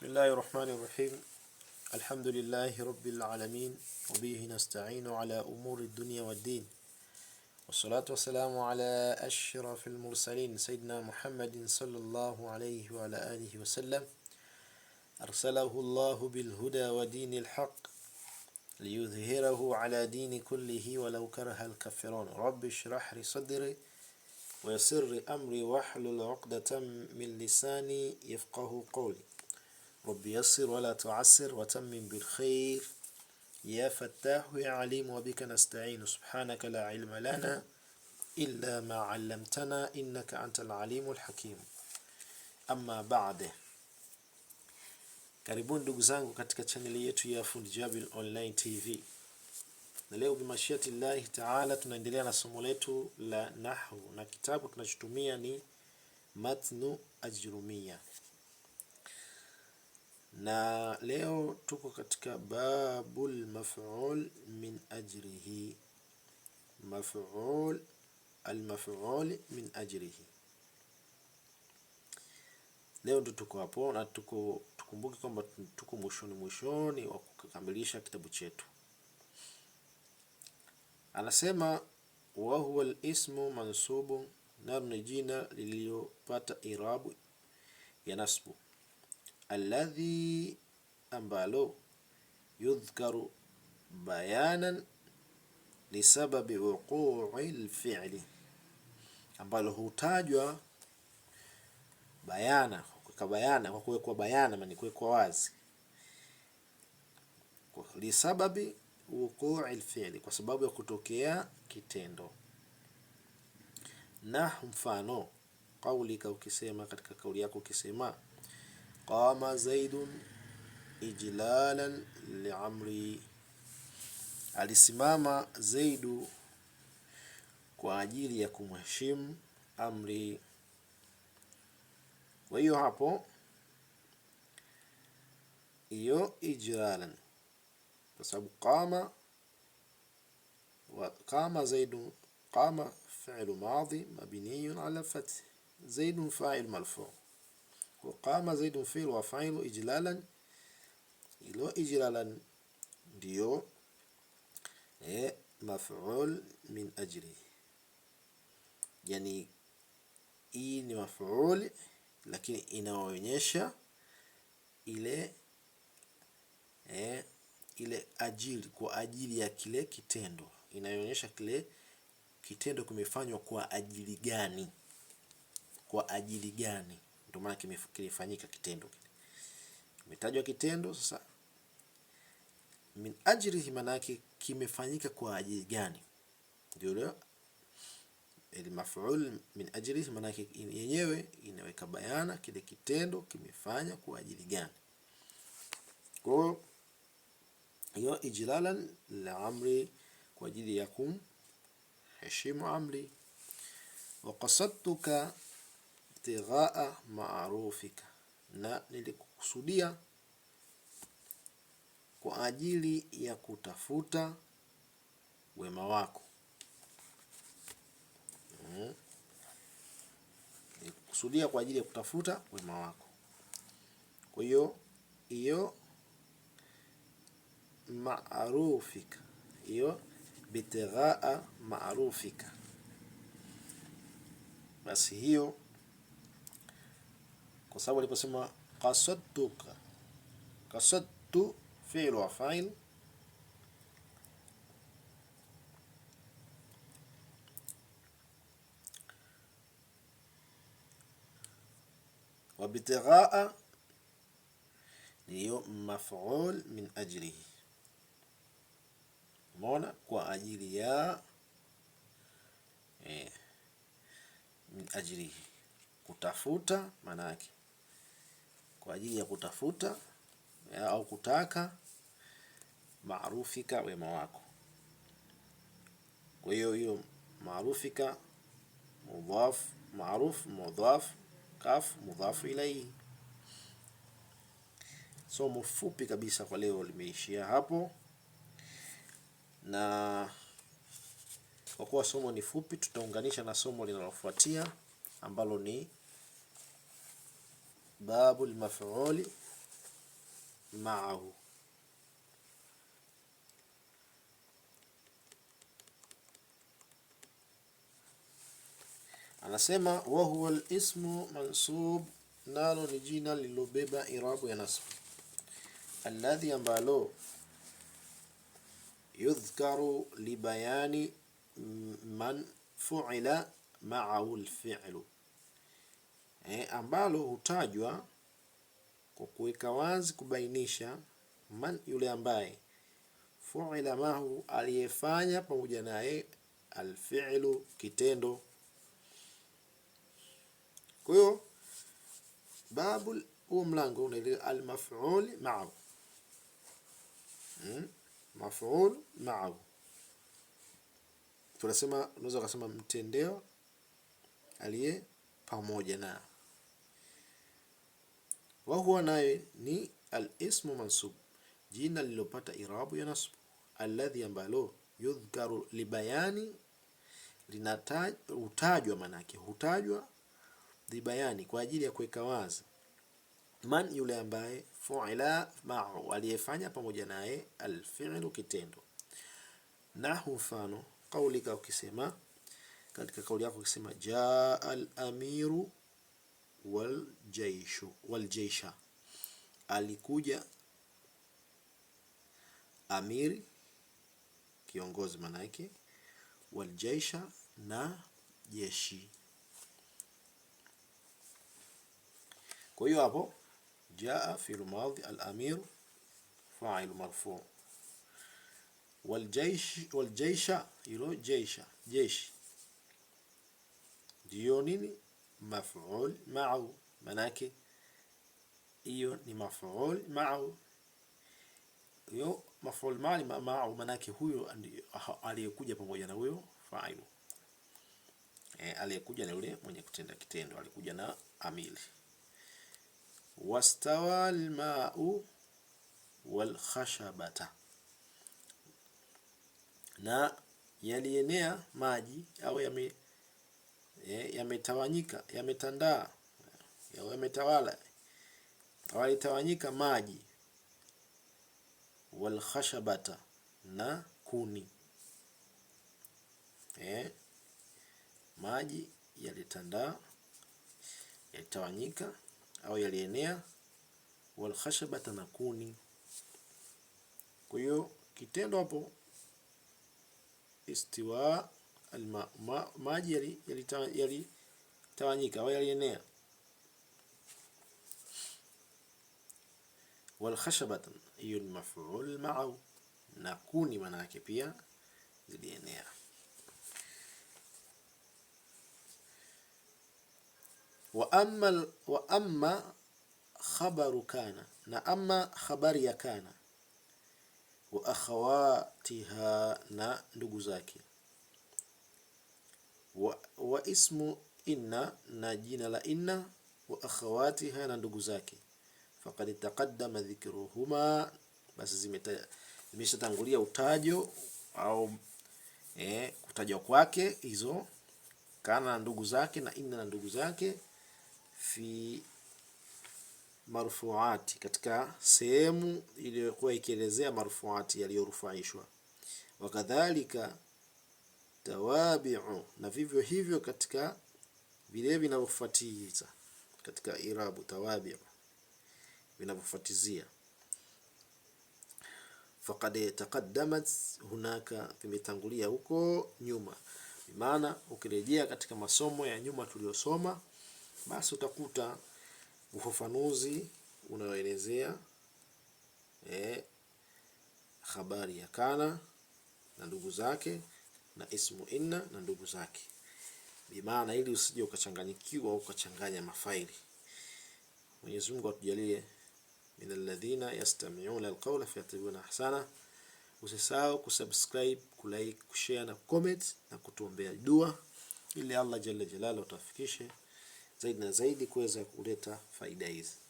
بسم الله الرحمن الرحيم الحمد لله رب العالمين وبه نستعين على أمور الدنيا والدين والصلاة والسلام على أشرف المرسلين سيدنا محمد صلى الله عليه وعلى آله وسلم أرسله الله بالهدى ودين الحق ليظهره على دين كله ولو كره الكفرون رب اشرح لي صدري ويسر أمري واحلل عقدة من لساني يفقه قولي رب يسر ولا تعسر وتمم بالخير يا فتاح يا عليم وبك نستعين سبحانك لا علم لنا إلا ما علمتنا إنك أنت العليم الحكيم أما بعد Karibuni ndugu zangu katika chaneli yetu ya Fundi Jabil Online TV, na leo bimashiati llahi taala tunaendelea na somo letu la nahwu na kitabu tunachotumia ni matnu ajrumia. na leo tuko katika babul maf'ul min ajrihi maf'ul almaf'ul min ajrihi. Leo ndo tuko hapo na tuko tukumbuke kwamba tuko mwishoni mwishoni wa kukamilisha kitabu chetu. Anasema wa huwa alismu mansubu, nalo ni jina liliyopata irabu ya nasbu alladhi ambalo yudhkaru bayanan lisababi wuqui lfili, ambalo hutajwa bayana kwa bayana kwa kuwekwa bayana, mani kuwekwa wazi, lisababi wuqui lfili, kwa sababu ya kutokea kitendo. Na mfano qaulika, ukisema katika kauli yako ukisema qama zaidun ijlalan liamri, alisimama Zaidu kwa ajili ya kumheshimu amri. Kwa hiyo hapo hiyo ijlalan, kwa sababu qama wa qama zaidu, qama fi'lu madhi mabniyun ala fath, zaidun fa'il marfu' Qama zaidun fi'l wa fa'ilu ijlalan, ilo ijlalan ndiyo e, maf'ul min ajli, yani hii ni maf'ul lakini inaonyesha ile e, ile ajili, kwa ajili ya kile kitendo, inayoonyesha kile kitendo kimefanywa kwa ajili gani, kwa ajili gani. Ndio maana kilifanyika kitendo kile, kimetajwa kitendo. Sasa min ajrihi, maana yake kimefanyika kwa ajili gani? Ndio leo maf'ul min ajrihi, maana yake yenyewe inaweka bayana kile kitendo kimefanya kwa ajili gani. Kwa hiyo ijlalan la amri, kwa ajili ya kumheshimu amri. wa qasadtuka ibtighaa maarufika, na nilikukusudia kwa ajili ya kutafuta wema wako. Hmm. Nilikukusudia kwa ajili ya kutafuta wema wako. Kwa hiyo hiyo maarufika, hiyo bitighaa maarufika, basi hiyo kwa sababu aliposema qasadtuka, qasadtu fi'l wa fa'il wabtighaa ndiyo maf'ul min ajlihi. mona kwa ajili ya eh, min ajlihi kutafuta maana yake kwa ajili ya kutafuta au kutaka maarufika, wema wako. Kwa hiyo hiyo maarufika mudhaf maaruf mudhaf kaf mudhaf ilaihi. Somo fupi kabisa kwa leo limeishia hapo, na kwa kuwa somo ni fupi, tutaunganisha na somo linalofuatia ambalo ni باب المفعول معه anasema wahuwa lismu mansub nalo ni jina lilobeba irabu ya nasb alladhi ambalo yudhkaru libayani man fuila maahu lfilu e, ambalo hutajwa kwa kuweka wazi kubainisha man yule ambaye fuila mahu aliyefanya pamoja naye alfi'lu kitendo. Kwa hiyo babu huo mlango unaeleza almaf'ul ma'ahu hmm? maf'ul ma'ahu tunasema, unaweza kusema mtendeo aliye pamoja na wa huwa naye ni al-ismu mansub, jina lilopata irabu ya nasb, alladhi ambalo yudhkaru libayani, hutajwa manake hutajwa libayani, kwa ajili ya kuweka wazi man, yule ambaye fuila ma'ahu, aliyefanya pamoja naye, alfi'lu kitendo. Nahu, mfano qaulika, ukisema katika kauli yako ukisema jaa al-amiru waljaishu waljaisha, alikuja amiri kiongozi manaake waljaisha na jeshi. Kwa hiyo hapo jaa fi lmadhi al-amir fa'ilu marfu, waljaisha, ilo jeisha jeshi ndiyo nini maf'ul ma'ahu, manake hiyo ni maf'ul ma'ahu. Hiyo maf'ul ma'ahu manake huyo aliyekuja pamoja na huyo fa'ilu e, aliyekuja na yule mwenye kutenda kitendo alikuja na amili. Wastawa almau walkhashabata, na yalienea maji au yame Eh, yametawanyika, yametandaa, yametawala, walitawanyika maji, walkhashabata na kuni eh, maji yalitandaa, yalitawanyika au yalienea, walkhashabata na kuni. Kwa hiyo kitendo hapo istiwa alma, yaani ma, maji yalitawanyika yali, yali, au yalienea. Walkhashabatan hiyo ni mafuul ma'ahu, na kuni maana pia zilienea. Wa amma, wa khabaru kana, na ama khabari ya kana wa akhawatiha, na ndugu zake wa, wa ismu inna na jina la inna wa akhawatiha na ndugu zake faqad taqaddama dhikruhuma, basi zimeshatangulia utajo au eh, kutajwa kwake hizo kana na ndugu zake na inna na ndugu zake fi marfuati, katika sehemu iliyokuwa ikielezea marfuati yaliyorufaishwa wakadhalika tawabi'u, na vivyo hivyo katika vile vinavyofuatiza katika irabu tawabi'u, vinavyofuatizia. Faqad taqaddamat hunaka, vimetangulia huko nyuma. Maana ukirejea katika masomo ya nyuma tuliyosoma, basi utakuta ufafanuzi unaoelezea eh, habari ya Kana na ndugu zake na ismu inna na ndugu zake, bimaana ili usije ukachanganyikiwa au ukachanganya mafaili. Mwenyezi Mungu atujalie min alladhina yastami'una alqawla fayattabi'una ahsana. Usisahau kusubscribe, kulike, kushare na comment na kutuombea dua ili Allah jalla jalala utafikishe zaidi na zaidi kuweza kuleta faida hizi.